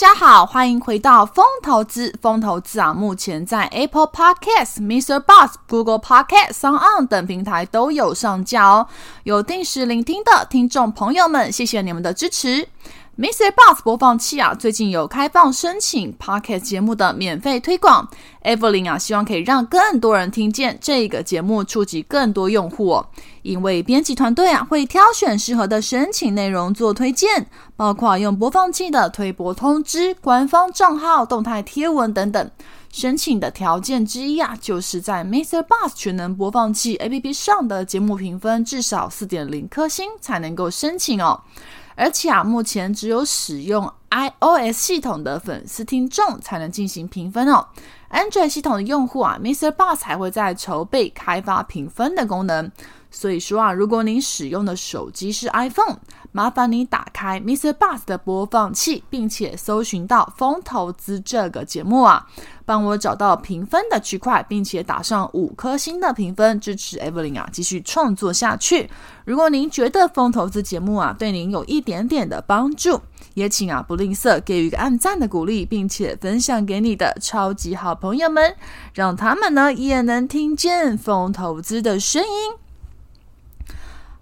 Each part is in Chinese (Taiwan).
大家好，歡迎回到風投資《風投資》。《風投資》啊，目前在 Apple Podcast、Mr. Boss、Google Podcast、SoundOn 等平台都有上架哦。有定時聆聽的聽眾朋友們，謝謝你們的支持。Mr. Bus 播放器啊，最近有開放申請 Podcast 節目的免費推廣。Evelyn 啊，希望可以讓更多人聽見這個節目，觸及更多用戶哦。因為編輯團隊啊，會挑選適合的申請內容做推薦，包括用播放器的推播通知、官方賬號、動態貼文等等。申請的條件之一啊，就是在 Mr. Bus 全能播放器 APP 上的節目評分至少四點零顆星才能夠申請哦。而且啊，目前只有使用 iOS 系統的粉絲聽眾才能進行評分哦。Android 系統的用戶啊，Mr. Boss 才會在籌備開發評分的功能。所以說啊，如果您使用的手機是 iPhone，麻煩您打開 Mr. Bus 的播放器，並且搜尋到“瘋投資”這個節目啊，幫我找到評分的區塊，並且打上五顆星的評分，支持 Evelyn 啊繼續創作下去。如果您覺得“瘋投資”節目啊對您有一點點的幫助，也請啊不吝嗇給予一個按贊的鼓勵，並且分享給你的超級好朋友們，讓他們呢也能聽見瘋投資的聲音。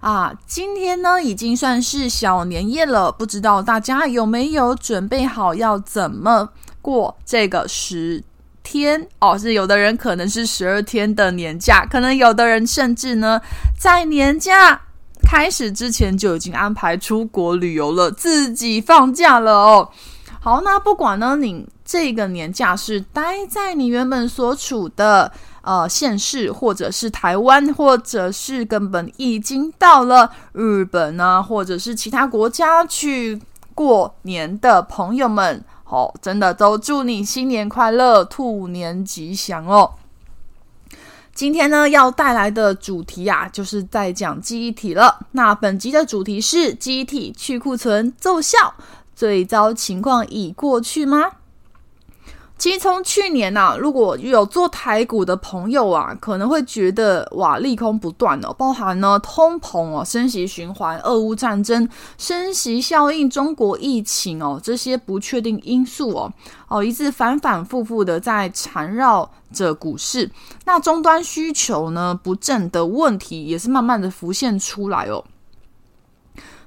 啊，今天呢已經算是小年夜了，不知道大家有沒有準備好要怎麼過這個十天哦？是有的人可能是十二天的年假，可能有的人甚至呢在年假開始之前就已經安排出國旅遊了，自己放假了哦。好，那不管呢，你這個年假是待在你原本所處的。呃，現世或者是台灣，或者是根本已經到了日本啊，或者是其他國家去過年的朋友們，哦，真的都祝你新年快樂，兔年吉祥哦！今天呢，要帶來的主題啊，就是在講記憶體了。那本集的主題是記憶體去庫存奏效，最糟情況已過去嗎？其實從去年吶、啊，如果有做台股的朋友啊，可能會覺得哇，利空不斷哦，包含呢通膨哦、升息循環、俄烏戰爭、升息效應、中國疫情哦，這些不確定因素哦哦，一直反反复复的在纏繞着股市。那終端需求呢，不振的問題也是慢慢的浮現出來哦。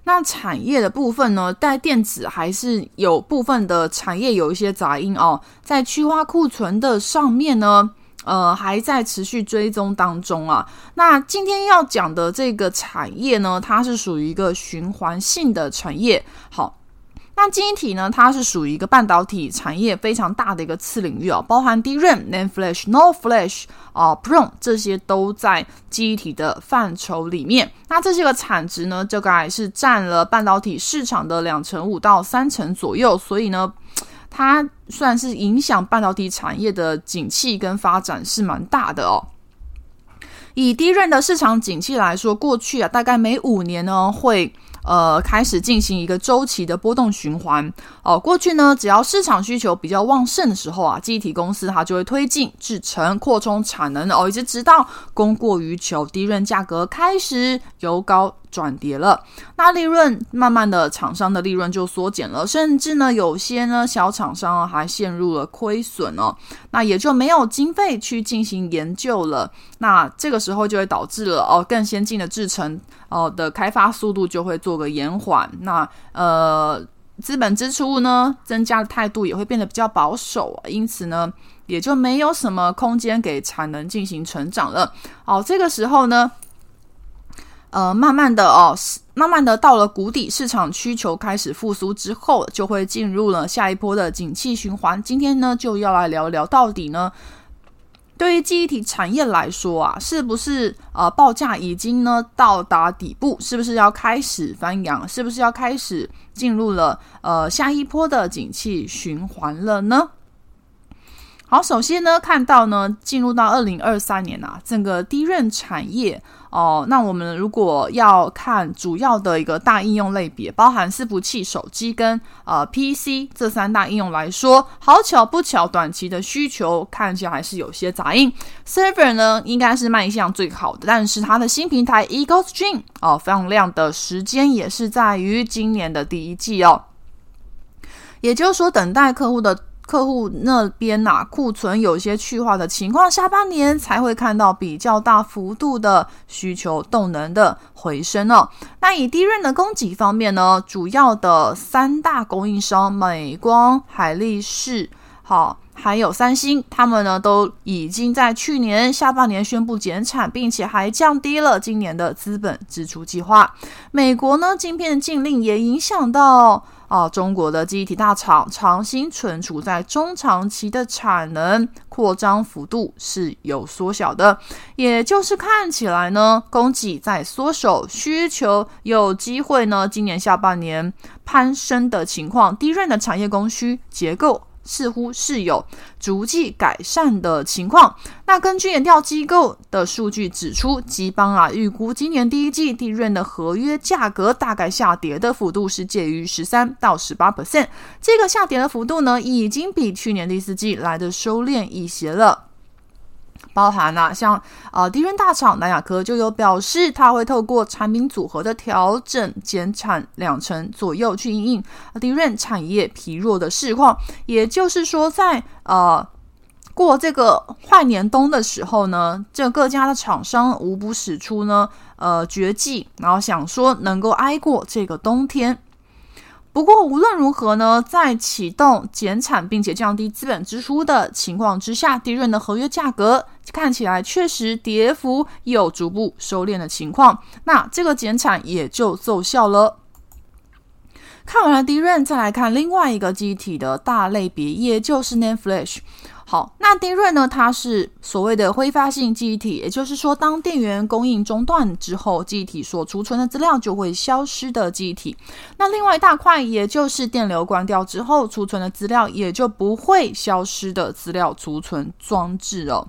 那產業的部分呢，在電子還是有部分的產業有一些雜音哦，在去化庫存的上面呢，呃，還在持續追蹤當中啊。那今天要講的這個產業呢，它是屬於一個循環性的產業。好。那記憶體呢，它是屬於一個半導體產業非常大的一個次領域哦，包含 DRAM、呃、NAND Flash、NOR Flash 啊、PROM 這些都在記憶體的範疇裡面。那這些個產值呢，就、這、概、個、是占了半導體市場的兩成五到三成左右，所以呢，它算是影響半導體產業的景氣跟發展是蠻大的哦。以 DRAM 的市場景氣來說，過去啊，大概每五年呢會。呃，開始進行一個周期的波動循環哦。過去呢，只要市場需求比較旺盛的時候啊，記憶體公司它就會推進、製程擴充產能哦，一直直到供過於求、低潤價格開始由高。轉跌了，那利潤慢慢的，廠商的利潤就縮減了，甚至呢，有些呢小廠商啊，還陷入了虧損哦，那也就沒有經費去進行研究了，那這個時候就會導致了哦，更先進的制程哦的開發速度就會做個延緩，那呃，資本支出呢增加的態度也會變得比較保守啊，因此呢，也就沒有什麼空間給產能進行成長了，哦，這個時候呢。呃，慢慢的哦，慢慢的到了谷底，市場需求開始復甦之後，就會進入了下一波的景氣循環。今天呢，就要來聊聊到底呢，對於記憶體產業來說啊，是不是啊，呃，報價已經呢到達底部，是不是要開始翻揚，是不是要開始進入了呃下一波的景氣循環了呢？好，首先呢，看到呢，進入到二零二三年啊，整個低潤產業。哦，那我們如果要看主要的一個大應用類別，包含伺服器、手機跟呃 PC 這三大應用來說，好巧不巧，短期的需求看起來還是有些雜音。Server 呢，應該是賣相最好的，但是它的新平台 Eagle Stream 哦，放量的時間也是在於今年的第一季哦，也就是說，等待客戶的。客戶那邊吶、啊，庫存有些去化的情況，下半年才會看到比較大幅度的需求動能的回升哦。那以低潤的供給方面呢，主要的三大供應商美光、海力士，好、哦、還有三星，他們呢都已經在去年下半年宣布減產，并且還降低了今年的資本支出計劃。美國呢，晶片禁令也影響到。啊、哦，中國的記憶體大廠長鑫存儲在中長期的產能擴張幅度是有縮小的，也就是看起來呢，供給在縮手，需求有機會呢，今年下半年攀升的情況，低潤的產業供需結構。似乎是有逐季改善的情況。那根據研調機構的數據指出，集邦啊預估今年第一季 DRAM 的合約價格大概下跌的幅度是介於十三到十八 percent，這個下跌的幅度呢，已經比去年第四季來的收斂一些了。包含啊，像呃，DRAM 大廠南亞科就有表示，他會透過產品組合的調整，減產兩成左右去因應 DRAM 產業疲弱的市況。也就是說在，在呃過這個壞年冬的時候呢，這各家的廠商無不使出呢呃絕技，然後想說能夠挨過這個冬天。不過無論如何呢，在啟動減產並且降低資本支出的情況之下，DRAM 的合約價格看起來確實跌幅有逐步收斂的情況，那這個減產也就奏效了。看完了 DRAM，再來看另外一個記憶體的大類別，也就是 NAND Flash。好，那 DRAM 呢？它是所謂的揮發性記憶體，也就是說，當電源供應中斷之後，記憶體所儲存的資料就會消失的記憶體。那另外一大塊，也就是電流關掉之後，儲存的資料也就不會消失的資料儲存裝置哦。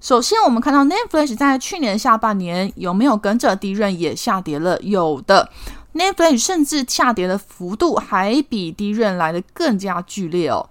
首先，我們看到 NAND Flash 在去年下半年有沒有跟着 DRAM 也下跌了？有的，NAND Flash 甚至下跌的幅度還比 DRAM 來得更加劇烈哦。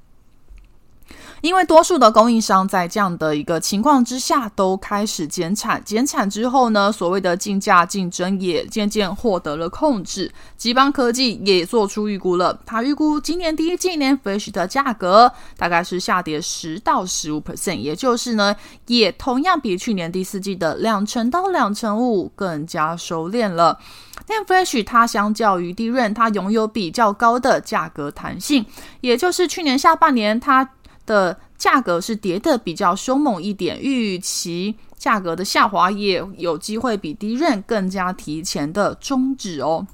因為多數的供應商在這樣的一個情況之下，都開始減產。減產之後呢，所謂的競價競爭也漸漸獲得了控制。集邦科技也做出預估了，它預估今年第一季 NAND Flash 的價格大概是下跌十到十五 percent，也就是呢，也同樣比去年第四季的兩成到兩成五更加收斂了。NAND Flash 它相較於 DRAM 它擁有比較高的價格彈性，也就是去年下半年它。的價格是跌得比較兇猛一點，預期價格的下滑也有機會比 DRAM 更加提前的終止哦。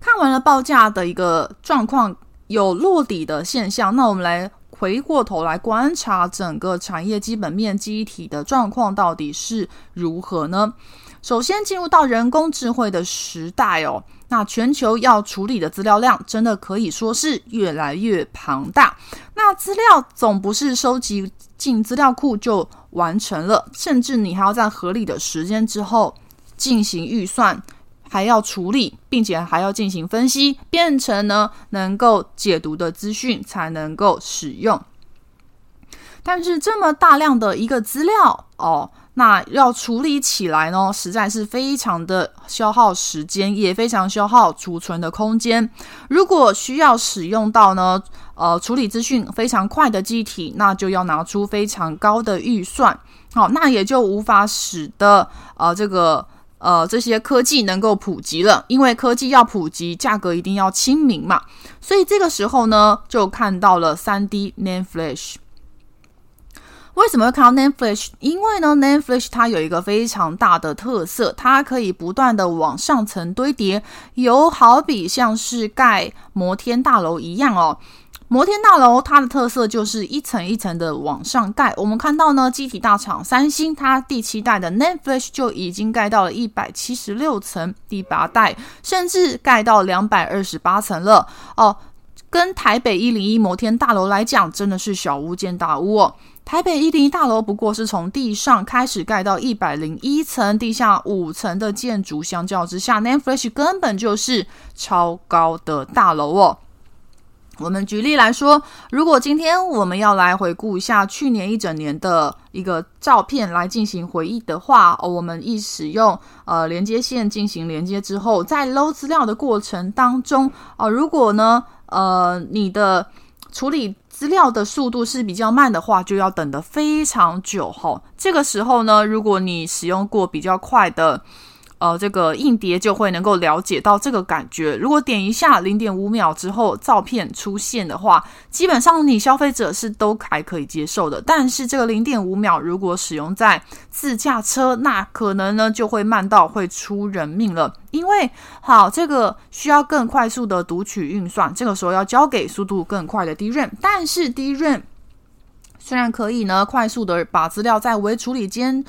看完了報價的一個狀況有落底的現象，那我們來回過頭來觀察整個產業基本面集體的狀況到底是如何呢？首先進入到人工智慧的時代哦。那全球要處理的資料量真的可以說是越來越龐大。那資料總不是收集進資料庫就完成了，甚至你還要在合理的時間之後進行預算，還要處理，並且還要進行分析，變成呢能夠解讀的資訊才能夠使用。但是這麼大量的一個資料哦。那要處理起來呢，實在是非常的消耗時間，也非常消耗儲存的空間。如果需要使用到呢，呃，處理資訊非常快的記憶體，那就要拿出非常高的預算。好，那也就無法使得呃這個呃這些科技能夠普及了，因為科技要普及，價格一定要親民嘛。所以這個時候呢，就看到了 3D NAND Flash。為什麼會看到 NAND Flash？因為呢，NAND Flash 它有一個非常大的特色，它可以不斷的往上層堆疊，有好比像是蓋摩天大樓一樣哦。摩天大樓它的特色就是一層一層的往上蓋。我們看到呢，機體大廠三星它第七代的 NAND Flash 就已經蓋到了一百七十六層，第八代甚至蓋到兩百二十八層了哦。跟台北一零一摩天大樓來講，真的是小巫見大巫哦。台北一零一大樓不過是從地上開始蓋到一百零一層，地下五層的建築。相較之下，NAND Flash 根本就是超高的大樓哦。我們舉例來說，如果今天我們要來回顧一下去年一整年的一個照片來進行回憶的話，呃、我們一使用呃連接線進行連接之後，在撈資料的過程當中，哦、呃，如果呢，呃，你的處理。資料的速度是比較慢的話，就要等得非常久哈、哦。這個時候呢，如果你使用過比較快的，呃，這個硬碟，就會能夠了解到這個感覺。如果點一下零點五秒之後，照片出現的話，基本上你消費者是都還可以接受的。但是這個零點五秒，如果使用在自駕車，那可能呢就會慢到會出人命了。因為好，這個需要更快速的讀取運算，這個時候要交給速度更快的 DRAM。但是 DRAM 雖然可以呢，快速的把資料在微處理間、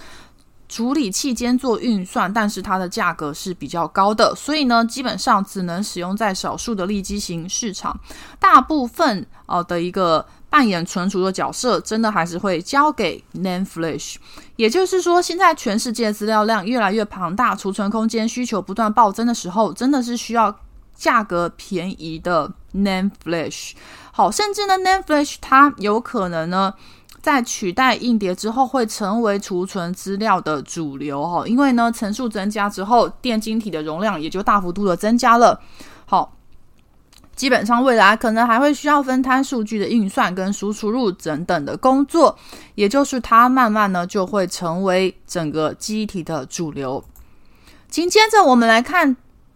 處理器間做運算，但是它的價格是比較高的，所以呢，基本上只能使用在少數的利基型市場。大部分哦的一個扮演存儲的角色，真的還是會交給 NAND Flash。也就是說，現在全世界資料量越來越龐大，儲存空間需求不斷暴增的時候，真的是需要價格便宜的 NAND Flash。好，甚至呢 NAND Flash 它有可能呢，在取代硬碟之後，會成為儲存資料的主流。哈，因為呢，層數增加之後，電晶體的容量也就大幅度的增加了。好。基本上未來可能還會需要分攤數據的運算跟輸出入等等的工作，也就是它慢慢呢就會成為整個記憶體的主流。緊接着我們來看，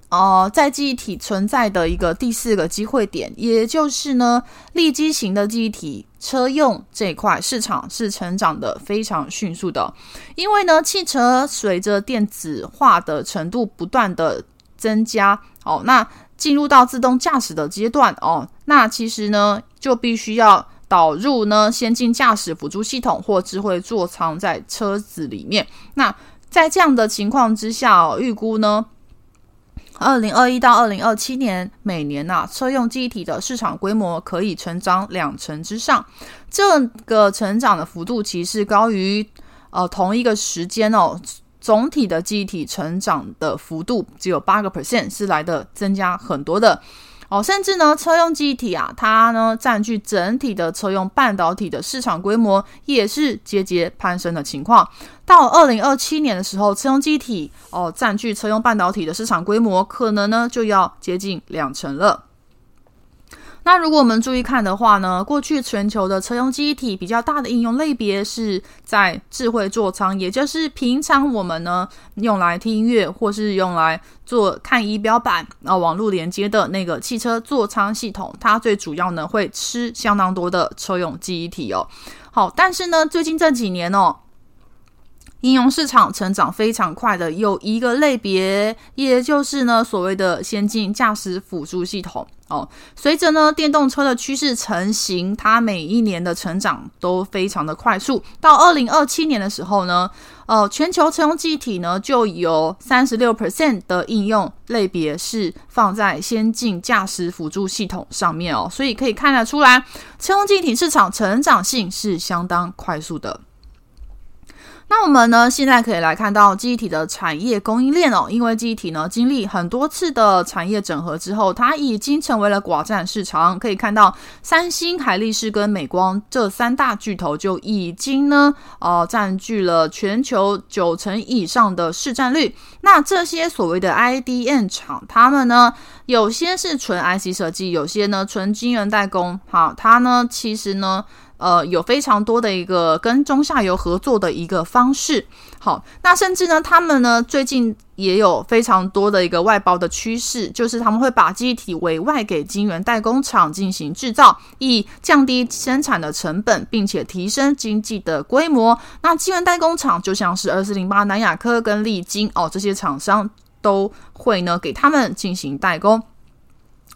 哦、呃，在記憶體存在的一個第四個機會點，也就是呢立基型的記憶體車用這一塊市場是成長的非常迅速的，因為呢汽車隨着電子化的程度不斷的增加，哦那。進入到自動駕駛的階段哦，那其實呢，就必須要導入呢先進駕駛輔助系統或智慧座艙在車子裡面。那在這樣的情況之下哦，預估呢，二零二一到二零二七年每年啊，車用記憶體的市場規模可以成長兩成之上，這個成長的幅度其實高於呃同一個時間哦。總體的記憶體成長的幅度只有八個 percent，是來的增加很多的哦，甚至呢，車用記憶體啊，它呢佔據整體的車用半導體的市場規模也是節節攀升的情況。到二零二七年的時候，車用記憶體哦佔據車用半導體的市場規模可能呢就要接近兩成了。那如果我們注意看的話呢，過去全球的車用記憶體比較大的應用類別是在智慧座艙，也就是平常我們呢用來聽音樂或是用來做看儀表板啊、呃、網絡連接的那個汽車座艙系統，它最主要呢會吃相當多的車用記憶體哦。好，但是呢最近這幾年哦。應用市場成長非常快的有一個類別，也就是呢所謂的先進駕駛輔助系統哦。隨着呢電動車的趨勢成型，它每一年的成長都非常的快速。到二零二七年的時候呢，呃，全球車用記憶體呢就有三十六 percent 的應用類別是放在先進駕駛輔助系統上面哦。所以可以看得出來，車用記憶體市場成長性是相當快速的。那我們呢，現在可以來看到記憶體的產業供應鏈哦。因為記憶體呢經歷很多次的產業整合之後，它已經成為了寡佔市場。可以看到，三星、海力士跟美光這三大巨頭就已經呢，哦、呃、佔據了全球九成以上的市佔率。那這些所謂的 IDM 廠，他們呢，有些是純 IC 設計，有些呢純晶圓代工。好，它呢，其實呢。呃，有非常多的一個跟中下游合作的一個方式。好，那甚至呢，他們呢最近也有非常多的一個外包的趨勢，就是他們會把機體委外給晶圓代工廠進行製造，以降低生產的成本，並且提升經濟的規模。那晶圓代工廠就像是二四零八、南亞科跟力晶哦這些廠商都會呢給他們進行代工。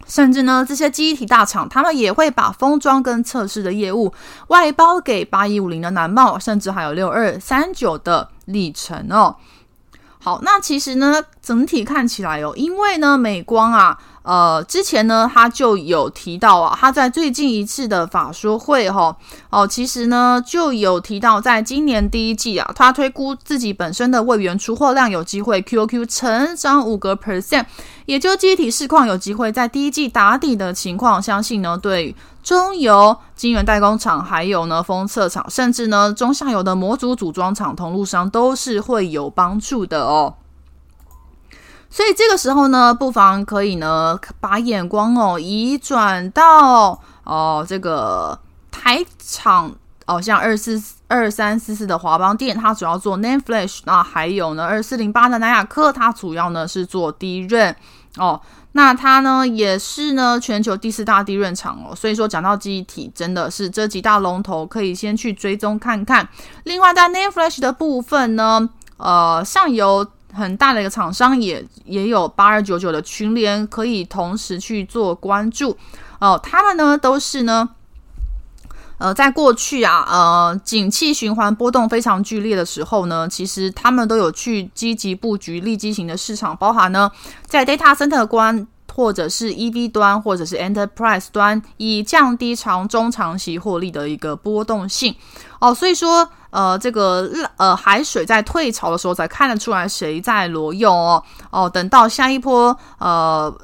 甚至呢，這些記憶體大廠，他們也會把封裝跟測試的業務外包給八一五零的南茂，甚至還有六二三九的力成。哦。好，那其實呢，整體看起來哦，因為呢，美光啊，呃，之前呢，它就有提到啊，它在最近一次的法說會哈、哦，哦，其實呢，就有提到，在今年第一季啊，它推估自己本身的位元出貨量有機會 Q Q 成長五個 percent。也就記憶體市況有機會在第一季打底的情況，相信呢對中游晶圓代工廠，還有呢封測廠，甚至呢中下游的模組組裝廠、通路商都是會有幫助的哦。所以這個時候呢，不妨可以呢把眼光哦移轉到哦這個台廠，哦像二四二三四四的華邦電，它主要做 NAND Flash；那還有呢二四零八的南亞科，它主要呢是做 DRAM。哦，那它呢也是呢全球第四大 DRAM 廠哦，所以說講到記憶體，真的是這幾大龍頭可以先去追蹤看看。另外在 NAND Flash 的部分呢，呃，上游很大的一個廠商也也有八二九九的群聯可以同時去做關注哦，他們呢都是呢。呃，在過去啊，呃，景氣循環波動非常劇烈的時候呢，其實他們都有去積極布局利基型的市場，包含呢在 data center 端，或者是 E V 端，或者是 enterprise 端，以降低長中長期獲利的一個波動性。哦，所以說，呃，這個呃海水在退潮的時候才看得出來誰在裸泳哦。哦，等到下一波呃。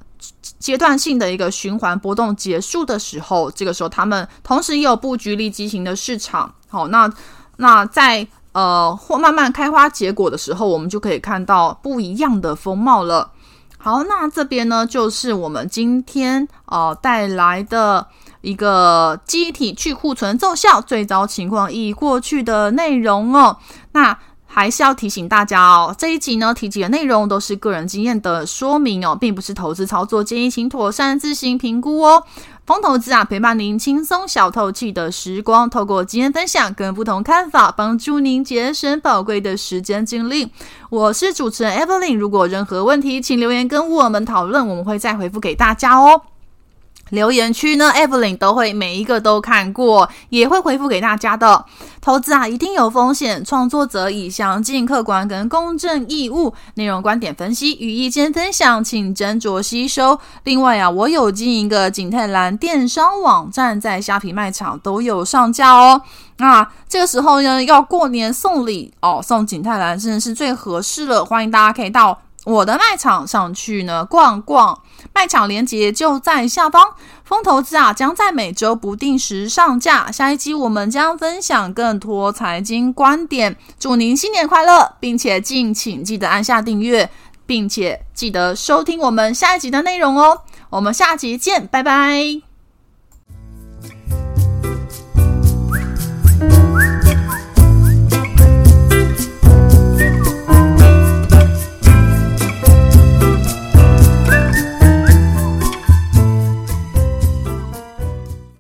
階段性的一個循環波動結束的時候，這個時候他們同時也有布局利基型的市場。好，那那在呃或慢慢開花結果的時候，我們就可以看到不一樣的風貌了。好，那這邊呢就是我們今天哦、呃、帶來的一個記憶體去庫存奏效最糟情況已過去的內容哦。那。還是要提醒大家哦，這一集呢提及的內容都是個人經驗的說明哦，並不是投資操作，建議請妥善自行評估哦。瘋投資啊，陪伴您輕鬆小透氣的時光，透過經驗分享跟不同看法，幫助您節省寶貴的時間精力。我是主持人 Evelyn，如果任何問題，請留言跟我們討論，我們會再回覆給大家哦。留言區呢，Evelyn 都會每一個都看過，也會回復給大家的。投資啊，一定有風險。創作者以詳盡、客觀跟公正義務，內容、觀點、分析、與意見分享，請斟酌吸收。另外啊，我有經營一個景泰藍電商網站，在蝦皮賣場都有上架哦。那、啊、這個時候呢，要過年送禮哦，送景泰藍真的是最合適了，歡迎大家可以到。我的賣場上去呢逛逛，賣場鏈接就在下方。瘋投資啊，將在每周不定時上架。下一集我們將分享更多財經觀點，祝您新年快樂，並且敬請記得按下訂閱，並且記得收聽我們下一集的內容哦。我們下集見，拜拜。